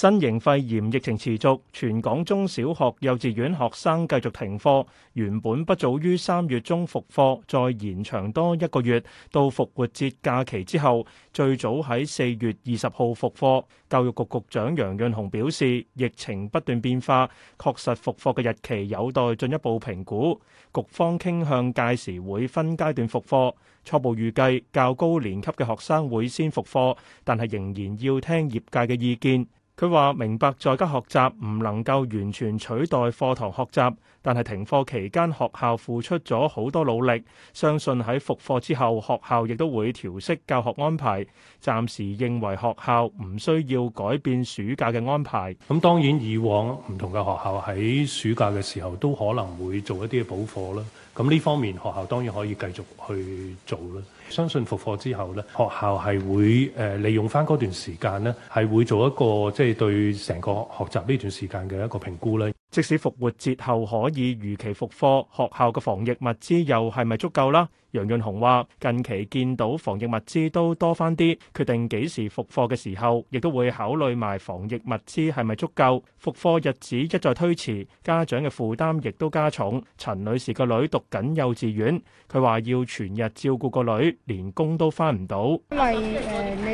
新型肺炎疫情持續，全港中小學、幼稚園學生繼續停課，原本不早於三月中復課，再延長多一個月，到復活節假期之後，最早喺四月二十號復課，教育局局長楊潤雄表示，疫情不斷變化，確實復課嘅日期有待進一步評估。局方傾向屆時會分階段復課，初步預計較高年級嘅學生會先復課，但係仍然要聽業界嘅意見。佢話：明白在家學習唔能夠完全取代課堂學習，但係停課期間學校付出咗好多努力，相信喺復課之後學校亦都會調適教學安排。暫時認為學校唔需要改變暑假嘅安排。咁當然以往唔同嘅學校喺暑假嘅時候都可能會做一啲補課啦。咁呢方面學校當然可以繼續去做啦。相信復課之後咧，學校係會誒利用翻嗰段時間咧，係會做一個即係、就是、對成個學習呢段時間嘅一個評估咧。即使復活節後可以如期復課，學校嘅防疫物資又係咪足夠啦？楊潤雄話，近期見到防疫物資都多翻啲，決定幾時復課嘅時候，亦都會考慮埋防疫物資係咪足夠。復課日子一再推遲，家長嘅負擔亦都加重。陳女士個女讀緊幼稚園，佢話要全日照顧個女，連工都翻唔到。因為誒，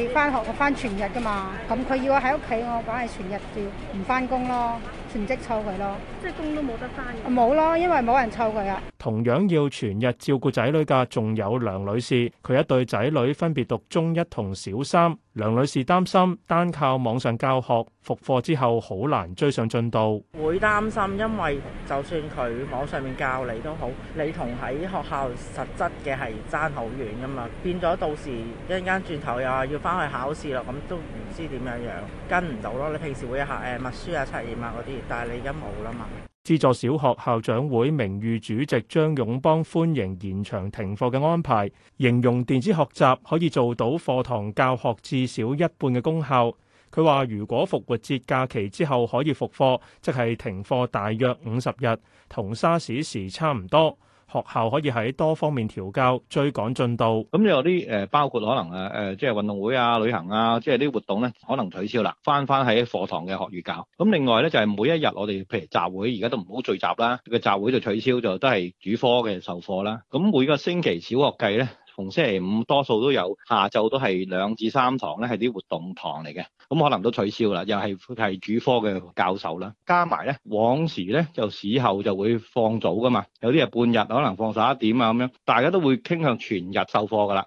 你翻學我翻全日㗎嘛，咁佢要喺屋企，我梗係全日唔翻工咯。全職湊佢咯，即係工都冇得返。冇咯，因為冇人湊佢啊。同樣要全日照顧仔女嘅仲有梁女士，佢一對仔女分別讀中一同小三。梁女士擔心單靠網上教學，復課之後好難追上進度。會擔心，因為就算佢網上面教你都好，你同喺學校實質嘅係差好遠㗎嘛。變咗到時一陣間轉頭又話要返去考試啦，咁都唔知點樣樣跟唔到咯。你平時會有下誒默書啊、測驗啊嗰啲，但係你而家冇啦嘛。資助小學校長會名譽主席張勇邦歡迎延長停課嘅安排，形容電子學習可以做到課堂教學至少一半嘅功效。佢話如果復活節假期之後可以復課，即係停課大約五十日，同沙士時差唔多。學校可以喺多方面調校、追趕進度。咁有啲誒，包括可能誒誒、呃，即係運動會啊、旅行啊，即係啲活動咧，可能取消啦，返返喺課堂嘅學語教。咁另外咧，就係、是、每一日我哋譬如集會，而家都唔好聚集啦，個集會就取消，就都係主科嘅授課啦。咁每個星期小學計咧。同星期五多數都有，下晝都係兩至三堂咧，係啲活動堂嚟嘅，咁可能都取消啦。又係係主科嘅教授啦，加埋咧往時咧就市後就會放早㗎嘛，有啲係半日，可能放十一點啊咁樣，大家都會傾向全日授課㗎啦。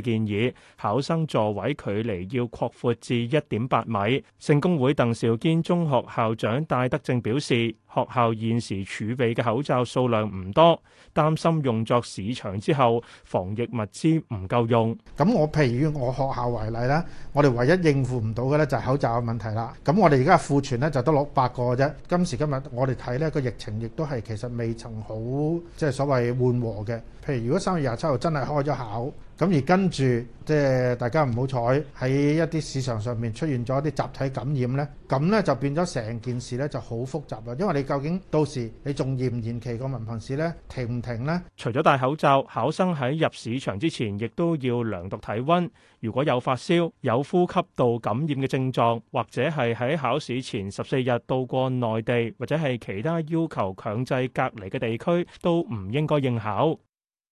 建議考生座位距離要擴闊至一點八米。聖公會鄧肇堅中學校長戴德正表示，學校現時儲備嘅口罩數量唔多，擔心用作市場之後防疫物資唔夠用。咁我譬如我學校為例咧，我哋唯一應付唔到嘅咧就係口罩嘅問題啦。咁我哋而家庫存咧就得六百個啫。今時今日我哋睇呢個疫情亦都係其實未曾好，即係、就是、所謂緩和嘅。譬如如果三月廿七號真係開咗考。咁而跟住，即係大家唔好彩喺一啲試場上面出現咗一啲集體感染咧，咁咧就變咗成件事咧就好複雜啦。因為你究竟到時你仲延唔延期個文憑試咧？停唔停咧？除咗戴口罩，考生喺入試場之前亦都要量度體温。如果有發燒、有呼吸道感染嘅症狀，或者係喺考試前十四日到過內地或者係其他要求強制隔離嘅地區，都唔應該應考。